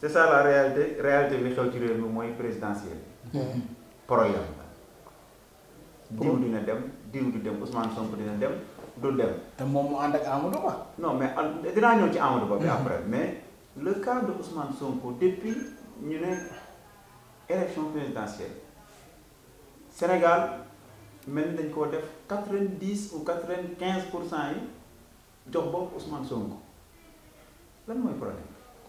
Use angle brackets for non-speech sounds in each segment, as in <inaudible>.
c'est ça la réalité réalité de xew ci réew présidentiel. mooy problème diw dina dem diw du dem Ousmane Sonko dina dem du dem. te moom mu ànd ak Amadou Ba. non mais dinaa ñëw ci Amadou Ba. bi mhm. après mais le cas de Ousmane Sonko depuis une élection présidentielle Sénégal mel dañ koo def quatre vingt dix ou quatre vingt quinze pour cent yi jox Ousmane Sonko lan mooy problème.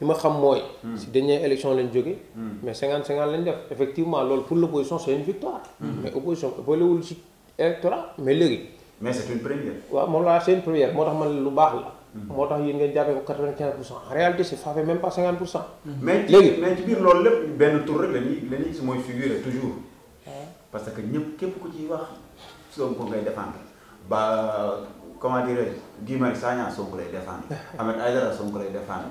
li ma xam mooy. Hmm. si dernière élection lañ jóge hmm. mais cinquante cinquante lañ def effectivement loolu pour l' opposition c' est une victoire. Hmm. mais opposition boolewul si électorat mais léegi. mais c' est une première. waaw moom laa c' est une première moo tax man lu baax la. moo tax yéen ngeen jàppee ko quatre vingt quinze pour cent en réalité c' est ça fait même pas cinquante pour cent. mais léegi mais ci biir loolu lépp benn tour rek la ñuy la ñuy gis mooy figuré toujours. parce que ñëpp képp ku ci wax Sonko ngay défendre ba comment dire je Guy Marius Sagna Sonko lay défendre <laughs> Ahmed Aïdara Sonko lay défendre.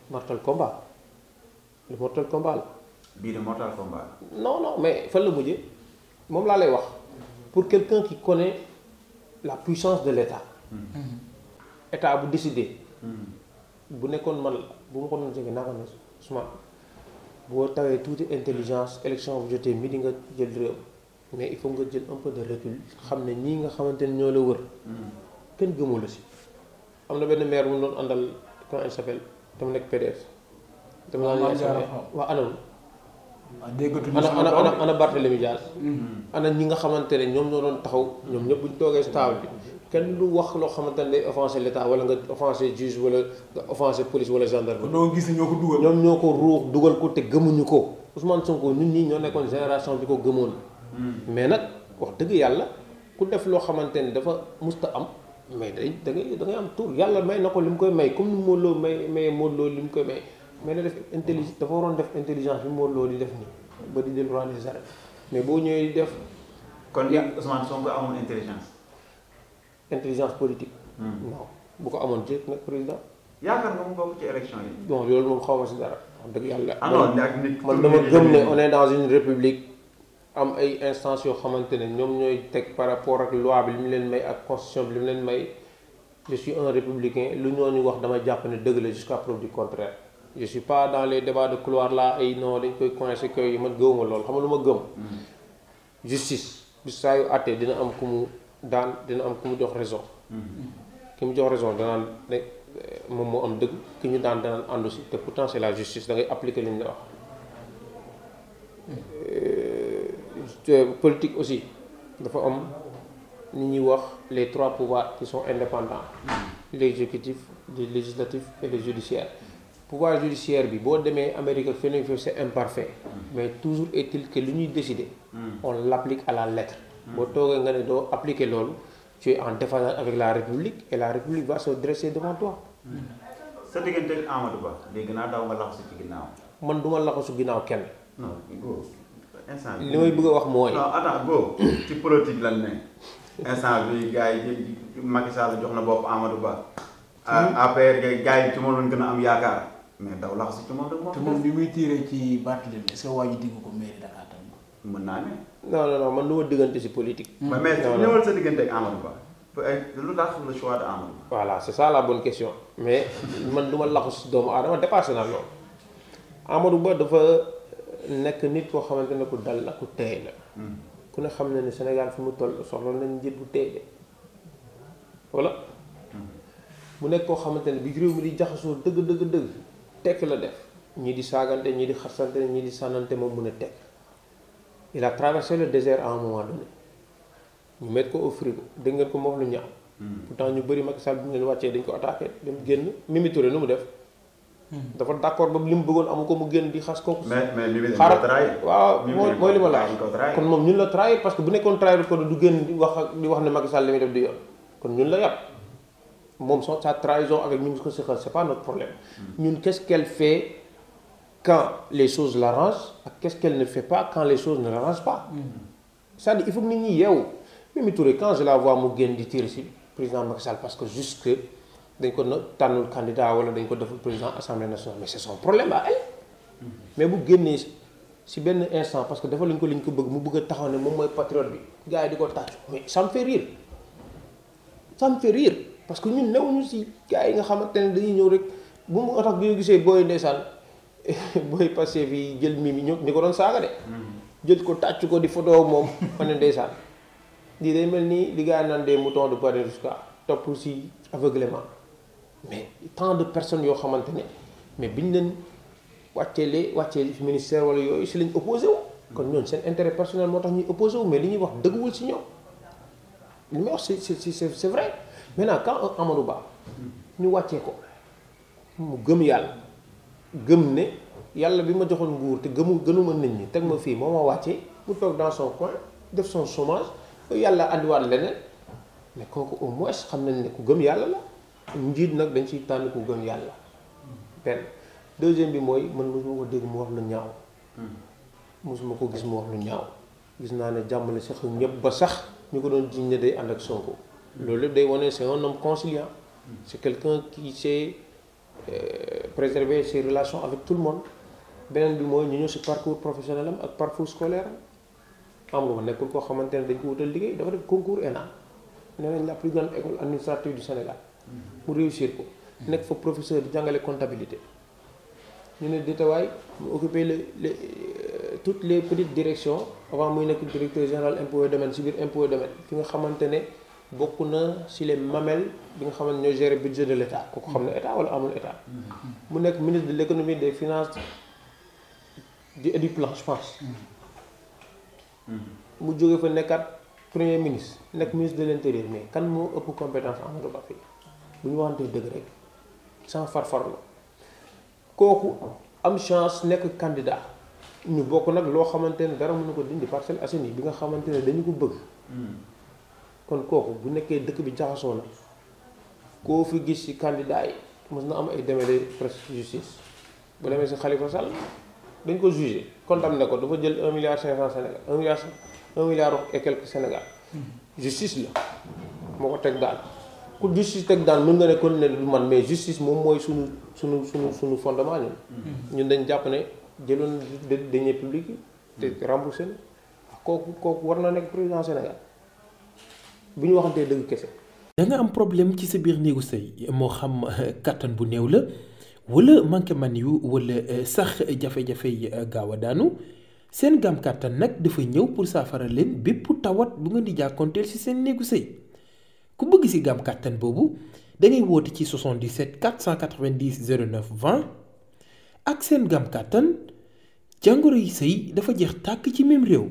Mortal combat, le Mortal combat, le Mortal non non mais faut le le je vais lay pour quelqu'un qui connaît la puissance de l'état l'État mm-hmm. a décidé. Si vous avez la Si tu vous toute intelligence mais il faut vous jël un peu de recul Vous ne nga wër. Mm-hmm. kenn si. que benn maire il s'appelle te mu nekk PDS. dama la laaj waa anam. déggatuñu ana ana ana ana Barthélemy Dias hmm. ana ñi nga xamante ne ñoom ñoo doon taxaw. ñoom ñëpp bu ñu toogee si table bi. kenn du wax loo xamante ne day offensé l' état wala nga offensé juge wala nga offensé police wala gendarme. ñoo gis ñoo ko dugal. ñoom ñoo ko ruux dugal ko te gëmuñu ko Ousmane Sonko ñun ñii ñoo nekkoon génération bi ko gëmoon. Hmm. mais nag wax dëgg yàlla ku def loo xamante ne dafa musta am. mais day da ngay da am tour yàlla may na ko li mu koy may comme ni Modou Lo may maye Modou Lo li mu koy may mais na def intelligence dafa waroon def intelligence bi Modou loo di def nii ba di jël roi des mais boo ñëwee def. kon yàlla Ousmane Sonko amoon intelligence. intelligence politique. Hmm. non bu ko amoon jëkk nag président. yaakaar nga mu bokk ci élection yi. bon loolu moom xaw ma si dara wax dëgg yàlla. ah non man dama gëm ne on est dans une république. am ay instance yoo xamante ne ñoom ñooy teg par rapport ak loi bi li mu leen may ak constitution bi li mu leen may je suis un républicain lu ñooñu wax dama jàpp ne dëgg la jusqu'à preuve du contraire je suis pas dans les débats de couloir là ay non dañ koy coincé ko yi man gëwuma loolu xam nga lu ma gëm mm-hmm. justice bi saa yu àttee dina am ku mu daan dina am ku mu jox raison mm-hmm. ki mu jox raison danaan ne moom moo am dëgg ki ñu daan danaan àndu si te pourtant c'est la justice da ngay appliquer li ñu la wax mm-hmm. euh, politique aussi Nous avons les trois pouvoirs qui sont indépendants mm. l'exécutif le législatif et le judiciaire pouvoir judiciaire c'est imparfait mm. mais toujours est-il que l'unité décide mm. on l'applique à la lettre Si tu nga tu es en défense avec la République et la République va se dresser devant toi instant bi li may bëgg a wax mooy. non attends boo <coughs> ci politique lan ne instant bi gars yi Macky Sall jox na bopp Amadou Ba. APR hmm? gars yi ci moom lañ gën a am yaakaar mais daw lax si ci moom rek moom. te moom ci Barthélémy est-ce que ko mairie Dakar tam. naa ne. non non man lu ma diggante si politique. Hmm. mais mais ñëwal sa diggante ak Amadou Ba. Eh, lu tax le choix de Amadou Ba. voilà c'est ça la bonne question mais man du ma laxu si doomu aadama dépassé naa loolu Amadou Ba dafa. nekk nit koo xamante ne ku dal la ku teey la hmm. ku ne xam ne ne Sénégal fi mu toll soxla nañ njiit bu teey de voilà hmm. mu nekk koo xamante ne bi réew mi di jaxasoo dëgg dëgg dëgg tekk la def ñii di saagante ñii di xasante ñii di sànnante moom mun a tekk il a traversé le désert à un moment donné ñu mettre ko au frigo dégg ngeen ko moo lu ñaaw hmm. pourtant ñu bari Macky Sall bi ñu wàccee dañ ko attaqué dem génn Mimi Touré nu mu def Hmm. dafa d' accord ba li mu bëggoon amu ko mu génn di xas kooku. mais mais mi ngi xaaral waaw mooy mooy li ma laaj. kon moom ñun la trahir parce que bu nekkoon trahir ko du génn di wax di wax ne Macky Sall li muy def di yoon kon ñun la yàpp moom sa trahison avec ñu ngi ko seqal c' est pas notre problème. Hmm. ñun qu' est ce qu' elle fait quand les choses l' arrangent ak qu' est ce qu' elle ne fait pas quand les choses ne l' arrangent pas. Hmm. c' est à dire il faut que nit ñi yeewu Mimi Touré quand je la vois mu génn di tiir si président Macky Sall parce que juste que. dañ ko tànnul candidat wala dañ ko deful président assemblée nationale mais c'est son problème à elle mais bu génnee si benn instant parce que dafa lañ ko liñ ko bëgg mu bëgg a taxaw ne moom mooy patriote bi gars yi di ko tàcc mais ça me fait rire ça me fait rire parce que ñun newuñu si gars yi nga xamante ne dañuy ñëw rek bu mu tax bi ñu gisee booy ndeysaan <laughs> booy passé fi jël mi ñëw ni ko doon saaga de jël ko tàcc ko di photo moom <laughs> ma ne ndeysaan lii day mel ni li gars yi naan des moutons de Paris jusqu'à topp si aveuglement mais tant de personnes yo xamantene mais biñ len wàcceelee lé fi ministère wala yoy si lañ opposé wu. kon ñooñu seen intérêt personnel motax tax ñuy opposé wu mais li ñuy wax deugul si ñoom li wax c'est c'est c'est vrai maintenant quand Amadou Ba ñu wàccee ko mu gëm yalla gëm né yalla bima joxone nguur te gëmu gënuma nit ñi teg ma fi moo ma mu tok dans son coin def son chômage andi andiwaat leneen mais kooku au moins xam nañ ne ku gëm yalla la njiit nak dañ ci tànn ko gëm yalla ben deuxième bi moy man mosuma ko dégg mu wax lu ñaaw mosuma hmm. ko gis mu wax lu ñaaw gis na né jàmm la sax ñepp ba sax ñu ko doon jiñ ne day ànd ak Sonko hmm. lolé day woné c'est un homme conciliant hmm. c'est quelqu'un qui sait euh, préserver ses relations avec tout le monde benen bi moy ñu ñëw ci parcours professionnel am ak parcours scolaire am am nga ma nekkul koo xamante dañ ko wutal liggéey dafa def concours ENA nee nañ la plus grande école administrative du Sénégal mu réussir ko nekk fa professeur jàngale comptabilité Nous, ne détawaay mu occuper le euh, toutes les petites directions avant que le directeur général impôt domaine subir biir impôt domaine fi nga xamante ne bokk na si les mamelles bi nga xamante ñoo gérer budget de l'État, état kooku l'État ou état wala amul état ministre de l'économie des finances du et du plan je pense mu jóge fa premier ministre nekk ministre de l'Intérieur, mais kan moo ëpp compétence Amadou Ba bu ñu waxantee dëgg rek sans farfar la kooku am chance nekk candidat ñu bokk nag loo xamante ne dara mun mënu ko dindi Parcelles Assainies bi nga xamante ne dañu ko bëgg hmm. kon kooku bu nekkee dëkk bi jaxasoo na koo fi gis ci candidat yi mës na am ay demee de presse justice bu demee si Khalifa Sall dañ ko jugé ne ko dafa jël un milliard cinq cent Sénégal un milliard un milliard et quelques Sénégal hmm. justice la moo ko teg daal ku justice teg daan mën nga ne kon ne man mais justice moom mooy suñu suñu suñu suñu fondement ñun mhm. dañ jàpp ne jëloon deniers publics yi te mhm. remboursé na kooku kooku war na nekk président Sénégal bu ñu waxantee dëgg kese da nga am problème ci sa bir néegu sëy moo xam <laughs> kattan bu néew la wala manqué man yu wala euh, sax jafé jafé yi euh, gaaw daanu seen gam kattan nag dafa ñëw pour saafara leen bépp tawat bu nga di jàkkoonteel ci seen néegu sëy bëgg si gam kàttan boobu dangay woote ci 77 490 09 20 ak seen gam kàttan jàngoro yi sëy dafa jeex tàkk ci même réew